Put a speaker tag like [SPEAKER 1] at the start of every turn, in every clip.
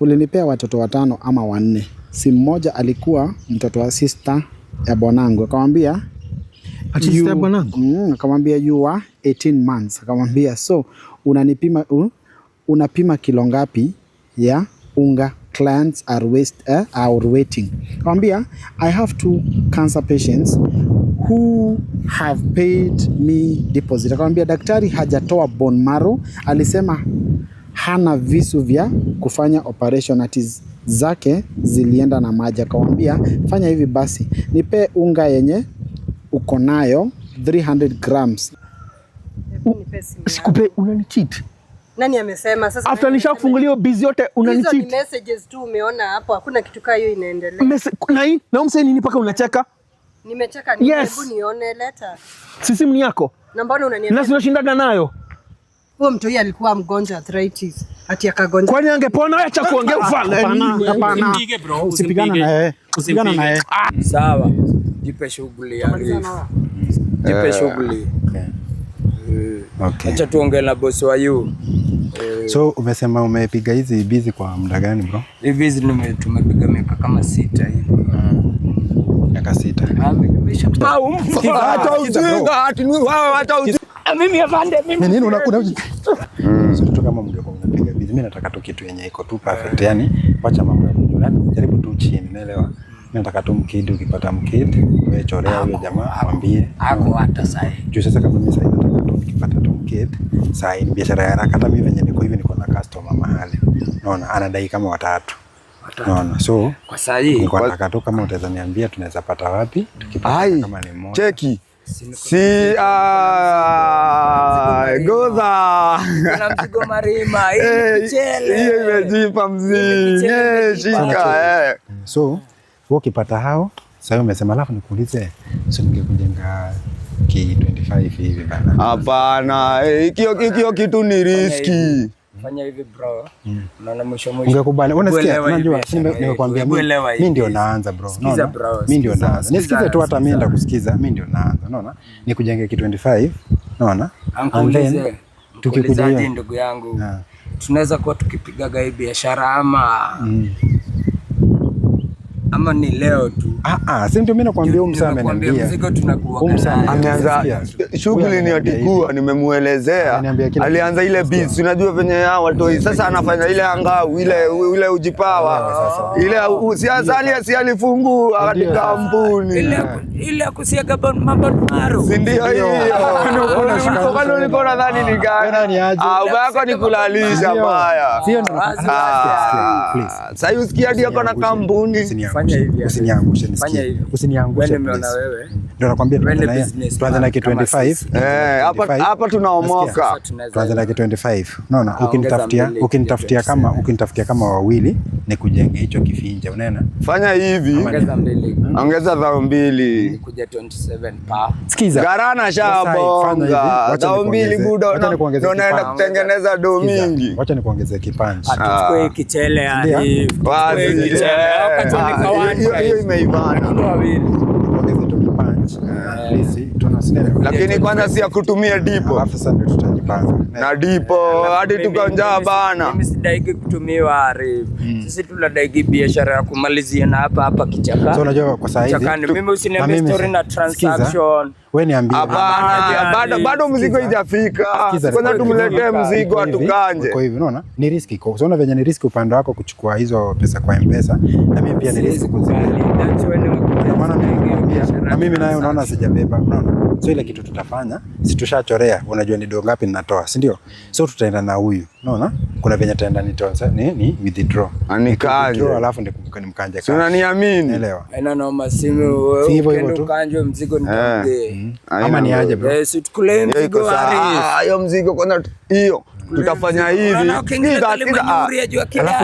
[SPEAKER 1] ulinipea watoto watano ama wanne, si mmoja alikuwa mtoto wa sista ya bwanangu, akamwambia mm, akamwambia you are 18 months, akamwambia so unanipima uh, unapima kilo ngapi ya unga clients are, waste, uh, are waiting. Akamwambia I have two cancer patients who have paid me deposit. Akamwambia daktari hajatoa bone marrow, alisema hana visu vya kufanya operation ati zake zilienda na maji. Akamwambia, fanya hivi basi, nipe unga yenye uko nayo 300 grams.
[SPEAKER 2] Sikupe, unanicheat.
[SPEAKER 3] Nani amesema sasa?
[SPEAKER 2] After nishakufungulia bizi yote unanicheat. Hizo
[SPEAKER 3] ni messages tu umeona hapo, hakuna kitu kaa hiyo inaendelea.
[SPEAKER 2] Na hii na umsee nini mpaka unacheka?
[SPEAKER 3] Nimecheka, ni hebu nione letter.
[SPEAKER 2] Si simu yako. Na mbona unaniambia? Na unashindaga nayo
[SPEAKER 3] huo mtoi alikuwa mgonjwa arthritis, ati akagonja.
[SPEAKER 2] Kwani angepona? Acha ah, kuongea. Hapana, hapana, usipigane naye, usipigane yeye.
[SPEAKER 3] Ah. Sawa, jipe shughuli ya jipe shughuli. Eh, okay. Acha tuongee na boss wa you.
[SPEAKER 1] Eh. So umesema umepiga hizi bizi kwa muda gani bro?
[SPEAKER 3] Hizi bizi tumepiga miaka kama sita hivi. Mm.
[SPEAKER 1] Miaka sita. Ah,
[SPEAKER 2] hata uzinga, hata uzinga.
[SPEAKER 3] Ah, mimi afande, mimi
[SPEAKER 2] nini unakuna mtu
[SPEAKER 1] mm. kama mgeko unapiga bidii mimi nataka tu kitu yenye iko tu perfect, yani wacha mambo ya juu, yani jaribu tu chini, unaelewa? Mimi nataka tu mkidi, ukipata mkidi wewe chorea huyo jamaa, mwambie
[SPEAKER 3] hako hata sahi
[SPEAKER 1] juu. Sasa kama mimi sahi nataka tu nikipata tu mkidi sahi, ni biashara ya haraka. Hata mimi venye niko hivi, niko na customer mahali, unaona anadai kama watatu Naona. So kwa sasa hii nataka tu kama utaweza niambia tunaweza pata wapi
[SPEAKER 2] tukipata kama ni moja. Cheki. Si ah, goza
[SPEAKER 3] eh, hiyo
[SPEAKER 2] imejipa mzishika. Eh, eh.
[SPEAKER 1] So ukipata hao sasa, umesema alafu nikuulize, so ningekujenga ki 25 hivi bana?
[SPEAKER 2] Hapana, hiyo kitu ni riski
[SPEAKER 3] fanya hivi bro.
[SPEAKER 1] Mm. Unaona mwisho mwisho. Ungekubali. Unasikia, unajua nimekuambia eh, mimi ndio naanza bro. Sikiza mimi ndio naanza. Nisikize tu hata mimi kusikiza mimi ndio naanza. Unaona? Mm. Nikujenge ki 25. Unaona?
[SPEAKER 3] then Tukikujaje ndugu yangu. Tunaweza kuwa tukipiga hii biashara ama mm ama ni leo tu?
[SPEAKER 1] Ah ah, si ndio mimi nakwambia huyu msame ameniambia.
[SPEAKER 3] Huyu
[SPEAKER 2] msana ameanza shughuli ni atikua nimemuelezea. Alianza ile biz, unajua venye hao watu Sasa anafanya ile angau ile ile ujipawa. Ile siasa ali asialifungu katika kampuni.
[SPEAKER 3] Ile ile kusiaga mambo maro.
[SPEAKER 2] Si ndio hiyo. Kwa niko nadhani ni ah, gani? Ah, ubako ni kulalisha baya. Sio ndio? Ah. Sasa usikia ndio kuna kampuni.
[SPEAKER 1] Fanya hivi. Usiniangushe yaani nisikie. Usiniangushe.
[SPEAKER 3] Wewe nimeona wewe
[SPEAKER 1] ndio nakwambia tuanze na 25
[SPEAKER 2] eh, hapa tunaomoka,
[SPEAKER 1] tuanze na 25 Unaona, ah, ukinitafutia ukinitafutia kama ukinitafutia kama wawili ni kujenge hicho kifinja, unaona,
[SPEAKER 2] fanya hivi, ongeza dhao hmm? mbili, sikiza garana shabonga dhao mbili buda, unaenda kutengeneza do mingi.
[SPEAKER 1] Wacha nikuongezee kipanji
[SPEAKER 3] ah. eh.
[SPEAKER 2] ah, hiyo imeibana lakini kwanza si ya kutumia dipo na dipo hadi tukanjaa bana.
[SPEAKER 3] Mimi sidaiki kutumiwa rave. Hmm. Sisi tunadaiki biashara ya kumalizia na hapa hapa kichaka.
[SPEAKER 1] So unajua kwa sasa
[SPEAKER 3] hivi. Mimi usiniambie story na transaction.
[SPEAKER 1] Wewe niambie.
[SPEAKER 2] Bado bado mzigo haijafika. Kwanza tumletee mzigo atukanje.
[SPEAKER 1] Kwa hivyo unaona? Ni riski. Kwa unaona venye ni riski upande wako kuchukua hizo pesa kwa Mpesa na mimi pia ni riski kuzikali. maana mimi mimi naye unaona sijabeba, unaona. So ile kitu tutafanya, si tushachorea, unajua ni do ngapi ninatoa, si ndio? So tutaenda na huyu, unaona, kuna venye tutaenda ni tonsa, ni ni withdraw
[SPEAKER 2] ani ah, kaje, alafu
[SPEAKER 1] ndikumbuka nimkanje kaje,
[SPEAKER 2] unaniamini?
[SPEAKER 1] Elewa, ina eh,
[SPEAKER 3] noma, simu mm. wewe hivyo tu kanje mzigo eh. nikambe, mm.
[SPEAKER 1] ama ni aje bro,
[SPEAKER 3] eh, si tukulem mzigo ari ah,
[SPEAKER 2] hiyo mzigo kwanza hiyo tutafanya hivi alafu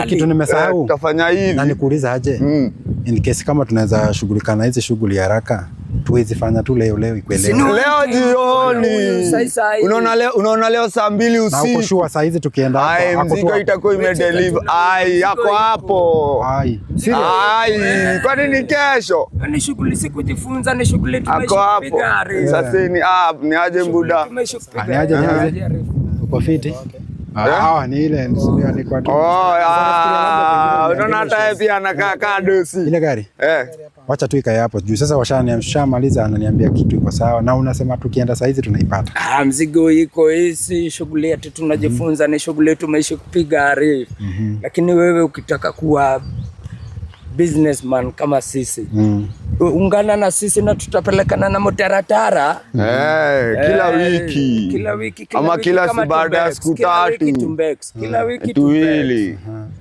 [SPEAKER 1] kitu nimesahau,
[SPEAKER 2] tutafanya hivi
[SPEAKER 1] na nikuuliza aje, mm. in case kama tunaweza shughulikana hizi shughuli haraka tuwezi fanya tu leo leo ikuelewe.
[SPEAKER 2] Leo jioni. Unaona leo, unaona leo saa mbili usiku.
[SPEAKER 1] Na uko saa hizi tukienda
[SPEAKER 2] hapo. itakuwa imedeliver. Ai, yako hapo. Ai. Ai, kwa nini kesho?
[SPEAKER 3] Ni shughuli si kujifunza, ni shughuli
[SPEAKER 2] gari. Sasa ni ah, ni aje mbuda.
[SPEAKER 1] Ni aje ni aje. Uko fiti? Ah, eh?
[SPEAKER 2] oh, ah, unaona hata pia anakaa kadosi. Ile gari? Eh
[SPEAKER 1] wacha tu ikae hapo juu sasa, washamaliza ananiambia kitu iko sawa, na unasema tukienda saa hizi tunaipata.
[SPEAKER 3] Ah, mzigo iko hisi shughuli yetu tunajifunza mm -hmm. ni shughuli yetu tumeishi kupiga ari mm -hmm. lakini wewe ukitaka kuwa businessman kama sisi mm. Ungana na sisi na tutapelekana na mutaratara
[SPEAKER 2] mm. hey, kila wiki
[SPEAKER 3] kila wiki kila
[SPEAKER 2] ama wiki, kila baada ya siku tatu kila wiki tumbeks kila hmm. wiki tuwili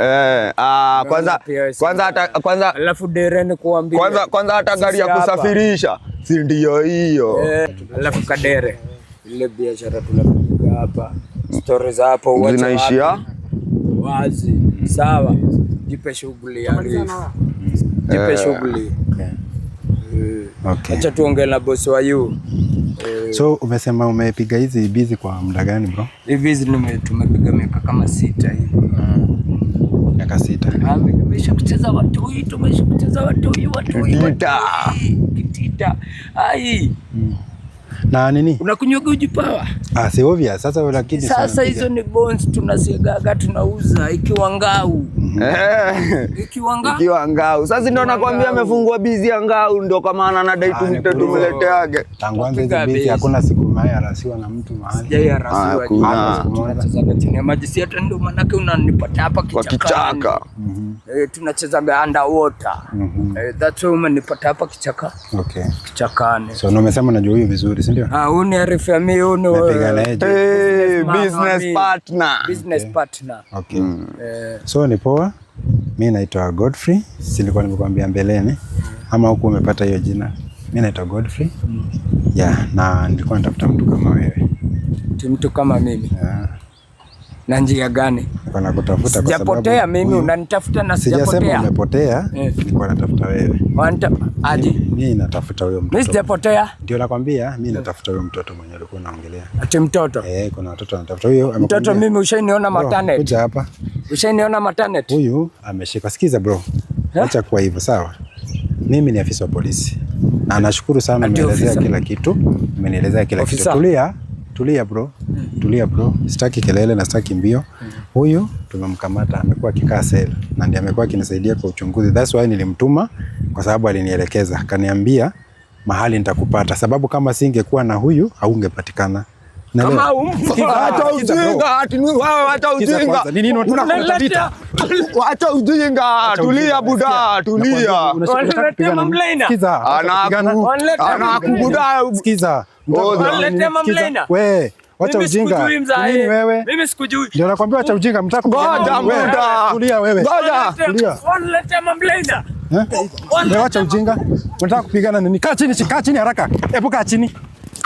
[SPEAKER 2] Eh, ah, kwanza hata gari ya kusafirisha si ndio hiyo. Eh,
[SPEAKER 3] alafu kadere ile biashara tunapiga hapa, stori za hapo
[SPEAKER 2] zinaishia
[SPEAKER 3] wazi. Sawa, jipe shughuli ya jipe eh. shughuli. Okay. Acha tuongee na boss wa yu.
[SPEAKER 1] So umesema umepiga hizi bizi kwa muda gani bro?
[SPEAKER 3] Ibizi tumepiga miaka kama sita hivi. Mm miaka sita. Ah, tumeshapoteza watu hii, tumeshapoteza watu hii, watu hii,
[SPEAKER 2] kitita. Ai. Mm.
[SPEAKER 1] Na nini?
[SPEAKER 3] Unakunywaga uji pawa?
[SPEAKER 1] Ah, si ovya. Sasa lakini
[SPEAKER 3] sasa hizo ni bonds tunasiagaga tunauza ikiwa ngau.
[SPEAKER 2] Mhm. Eh, ikiwa ngau. Ikiwa ngau. Sasa ndio nakwambia amefungua bizi ya ngau ndio kwa maana anadai tumleteage. Ah,
[SPEAKER 1] Tangu anze hizo bizi hakuna siku umewahi na mtu mahali?
[SPEAKER 3] Sijai unanipata hapa Kwa
[SPEAKER 2] kichaka.
[SPEAKER 3] Mm-hmm. Eh, tunachezanga underwater. Mm -hmm. Eh, that's why umenipata hapa kichaka. Okay. Kichakani.
[SPEAKER 1] So na umesema unajua huyo vizuri, si ndio?
[SPEAKER 3] Ah, huyu ni RFM yami, huyu ni hey,
[SPEAKER 2] business partner.
[SPEAKER 3] Business partner.
[SPEAKER 1] Okay. Mm. Eh. So ni poa. Mimi naitwa Godfrey. Silikuwa nimekuambia mbeleni ama huku umepata hiyo jina? Mimi naitwa Godfrey. Mm. Yeah, na nilikuwa natafuta mtu kama wewe.
[SPEAKER 3] Mtu kama mimi? Yeah. Na njia gani?
[SPEAKER 1] Nilikuwa nakutafuta kwa
[SPEAKER 3] sababu sijapotea mimi, unanitafuta na sijapotea. Sijasema
[SPEAKER 1] umepotea, eh. nilikuwa natafuta wewe.
[SPEAKER 3] Wanta aje?
[SPEAKER 1] Mimi natafuta huyo mtoto.
[SPEAKER 3] Mimi sijapotea.
[SPEAKER 1] Ndio nakwambia, mimi natafuta huyo mtoto mwenye alikuwa anaongelea.
[SPEAKER 3] Ati mtoto?
[SPEAKER 1] Eh, kuna watoto wanatafuta huyo.
[SPEAKER 3] Mtoto mimi ushaniona matane. Kuja hapa. Ushaniona matane.
[SPEAKER 1] Huyu ameshika. Sikiza bro. Eh? Acha kuwa hivyo, sawa? Mimi ni afisa wa polisi na nashukuru sana, umenielezea kila kitu, umenielezea kila kitu. Tulia, tulia bro, mm. tulia bro, sitaki kelele na sitaki mbio. Mm. Huyu tumemkamata amekuwa akikaa sel na ndiye amekuwa akinisaidia kwa uchunguzi. That's why nilimtuma kwa sababu alinielekeza, akaniambia mahali nitakupata, sababu kama singekuwa na huyu haungepatikana.
[SPEAKER 2] Wacha ujinga, tulia buda, tulia.
[SPEAKER 1] Wacha ujinga. Nini wewe? Mimi sikujui. Ndio nakwambia wacha ujinga, mtaka
[SPEAKER 2] ngoja muda. wewe. Ngoja. Tulia.
[SPEAKER 3] Wanilete mamlaina. Eh?
[SPEAKER 1] Wacha ujinga. Unataka kupigana nini? Kaa chini, kaa chini haraka. Hebu chini.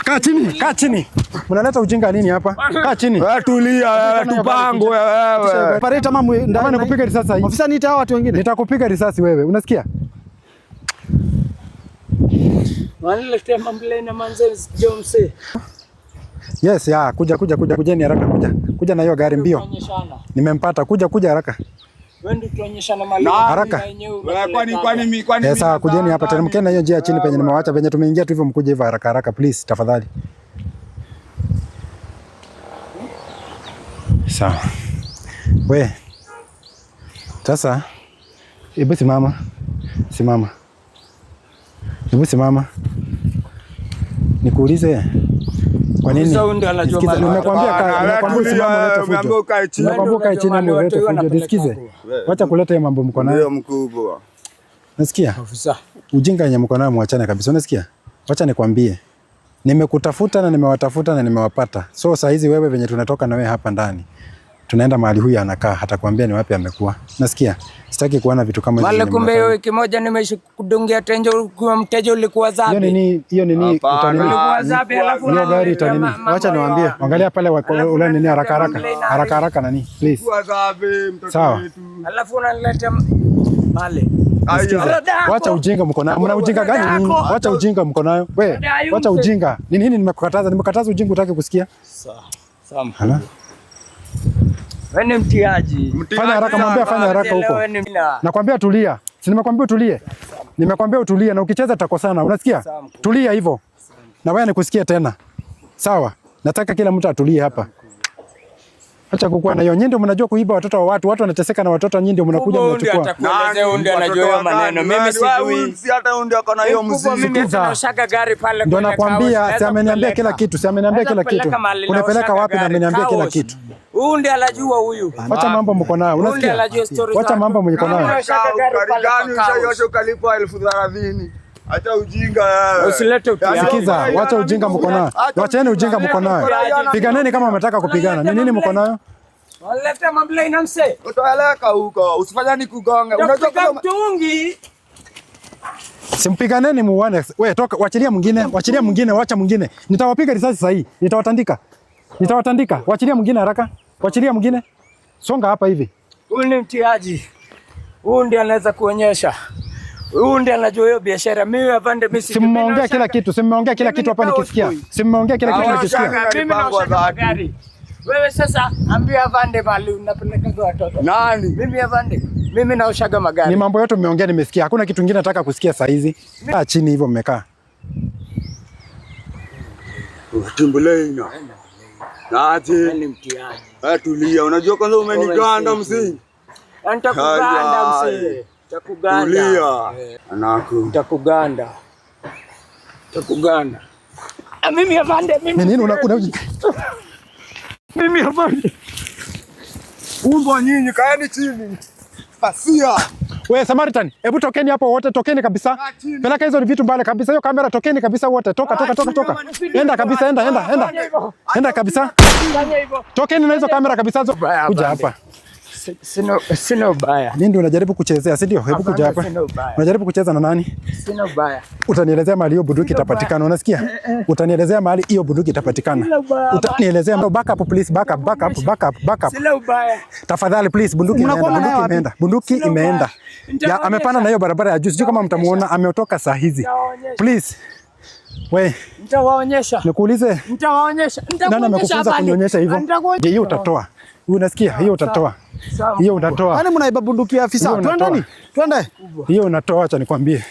[SPEAKER 1] Kaa chini, kaa chini. Mnaleta ujinga nini hapa? Kaa chini.
[SPEAKER 2] Wewe tulia, wewe tupango wewe.
[SPEAKER 1] Pareta mamu ndani. Nitakupiga risasi hii. Ofisa niita hao watu wengine. Nitakupiga risasi wewe. Unasikia?
[SPEAKER 3] Wanaletea mambo na Manzels Jones.
[SPEAKER 1] Yes, ya, kuja kuja kuja kujeni haraka kuja. Kuja na hiyo gari mbio. Nimempata. Kuja kuja haraka. Sasa kujeni hapa tena, na hiyo njia chini penye nimewacha, penye tumeingia tu hivyo, mkuje hivyo haraka haraka, please tafadhali. Sawa we, sasa hebu simama, simama, hebu simama nikuulize kwa nini? Nimekwambia kae chini ama ulete fujo. Nisikize, wacha kuleta hiyo mambo mko nayo. Nasikia ujinga wenye mko nayo, mwachane kabisa. Unasikia? Wacha nikwambie, nimekutafuta na nimewatafuta na nimewapata. So saa hizi wewe venye tunatoka na wewe hapa ndani tunaenda mahali huyu anakaa, hatakwambia ni wapi amekuwa. Nasikia sitaki kuona vitu kama
[SPEAKER 3] hivi. Wale Kumbe hiyo wiki moja nimeishi tenjo kwa mteja, ulikuwa zapi? Hiyo
[SPEAKER 1] nini? Hiyo nini? Utanini? Hiyo gari itanini? Acha niwaambie, angalia pale ule nini, haraka haraka haraka haraka, nani please, zapi sawa,
[SPEAKER 3] alafu unaleta mali mm.
[SPEAKER 1] Wacha ujinga mko nayo. Mna ujinga gani nyinyi? Wacha ujinga mko nayo. Wewe, wacha ujinga. Ni nini nimekukataza? Nimekataza ujinga utaki kusikia? Sawa.
[SPEAKER 2] Sawa.
[SPEAKER 3] Wewe ni mtiaji.
[SPEAKER 1] Fanya haraka mwambie, fanya haraka huko. Nakwambia tulia. Si nimekwambia utulie? Nimekwambia utulie na ukicheza tutakosana. Unasikia? Tulia hivyo. Na wewe nikusikie tena. Sawa? Nataka kila mtu atulie hapa. Acha kukua na hiyo. Nyinyi ndio mnajua kuiba watoto wa watu. Watu wanateseka na watoto, nyinyi ndio mnakuja mnachukua.
[SPEAKER 3] Atakuelezea ndio anajua maneno. Mimi sijui.
[SPEAKER 2] Si hata ndio akona hiyo mzigo.
[SPEAKER 1] Mimi shaka gari pale. kwa. Ndio nakwambia, si ameniambia kila kitu, si ameniambia kila kitu. Unapeleka wapi na ameniambia kila kitu.
[SPEAKER 3] Huyu ndiye anajua huyu.
[SPEAKER 1] Acha mambo mko nayo. Unasikia? Acha mambo mko nayo.
[SPEAKER 2] shaka Gari pale gani ushaiosha ukalipa elfu thelathini. Acha ujinga
[SPEAKER 1] usilete yaani ukiakiza, wacha ujinga mko nayo, wacheni ujinga mko nayo, yaani piganeni kama mmetaka kupigana. Ni nini mko nayo?
[SPEAKER 3] Walete mambla na mse.
[SPEAKER 2] Utaeleka huko, usifanyani kugonga.
[SPEAKER 3] Unajua kama mtungi.
[SPEAKER 1] Simpiganeni muone. Wewe toka, wachilia mwingine, wachilia mwingine, wacha mwingine. Nitawapiga risasi sasa hii. Nitawatandika. Nitawatandika. Wachilia mwingine haraka. Wachilia mwingine. Songa hapa hivi.
[SPEAKER 3] Huyu ni mtiaji. Huyu ndiye anaweza kuonyesha. Huyu ndiye anajua hiyo biashara. Mimi afande
[SPEAKER 1] mimi simmeongea kila kitu, simmeongea kila kitu hapa nikisikia. Simmeongea kila kitu nikisikia.
[SPEAKER 3] Mimi na gari. Wewe sasa ambia afande mali unapeleka kwa watoto.
[SPEAKER 2] Nani? Mimi
[SPEAKER 3] afande. Mimi naoshaga magari.
[SPEAKER 1] Ni mambo yote mmeongea nimesikia. Hakuna kitu kingine nataka kusikia saa hizi. Kaa chini hivyo mmekaa.
[SPEAKER 2] Tumbelei na. Nati. Ni mtiani. Ah, eh, tulia. Unajua kwanza umeniganda msingi.
[SPEAKER 3] Antakuganda msingi.
[SPEAKER 2] Tulia. Eh.
[SPEAKER 3] Takuganda. Takuganda. Ah, mimi afande, mimi. Nini unakuna? Mimi afande.
[SPEAKER 2] Umbwa nyinyi kaeni chini. Pasia.
[SPEAKER 1] We Samaritan, hebu tokeni hapo wote, tokeni kabisa. Peleka hizo vitu mbali kabisa. Hiyo kamera tokeni kabisa wote. Toka toka toka toka. Enda kabisa, enda enda enda. Enda kabisa. Tokeni na hizo kamera kabisa. Kuja hapa.
[SPEAKER 3] Sina ubaya.
[SPEAKER 1] Mimi ndio kuchezea, si ndio? Hebu kuja hapa. Unajaribu kucheza na nani? Sina ubaya. Eh, eh, eh. Utanielezea mahali hiyo bunduki itapatikana. Unasikia? Utanielezea mahali hiyo bunduki itapatikana. Utanielezea back up please, back up, back
[SPEAKER 3] up, Sina ubaya.
[SPEAKER 1] Tafadhali please, bunduki imeenda, bunduki imeenda. Bunduki imeenda. Ya amepanda na hiyo barabara ya juu. Sijui kama mtamuona, ametoka saa hizi. Please. We.
[SPEAKER 3] Nitawaonyesha. Nikuulize. Nitawaonyesha.
[SPEAKER 1] Nani amekufunza kunionyesha hivyo? Hiyo utatoa. Unasikia? Hiyo utatoa hiyo unatoa. Yaani mnaibabundukia afisa. Twendeni. Twende. Hiyo unatoa, acha nikwambie.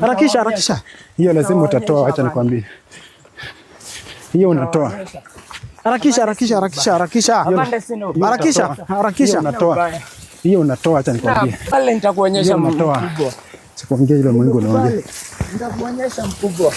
[SPEAKER 1] Harakisha, harakisha. Hiyo lazima utatoa, acha nikwambie. Hiyo unatoa. Harakisha, harakisha, harakisha, harakisha. Harakisha, harakisha. Unatoa. Hiyo unatoa, acha nikwambie.
[SPEAKER 3] Pale nitakuonyesha
[SPEAKER 1] mkubwa. Sikuongea ile mwingo naongea.
[SPEAKER 3] Nitakuonyesha mkubwa.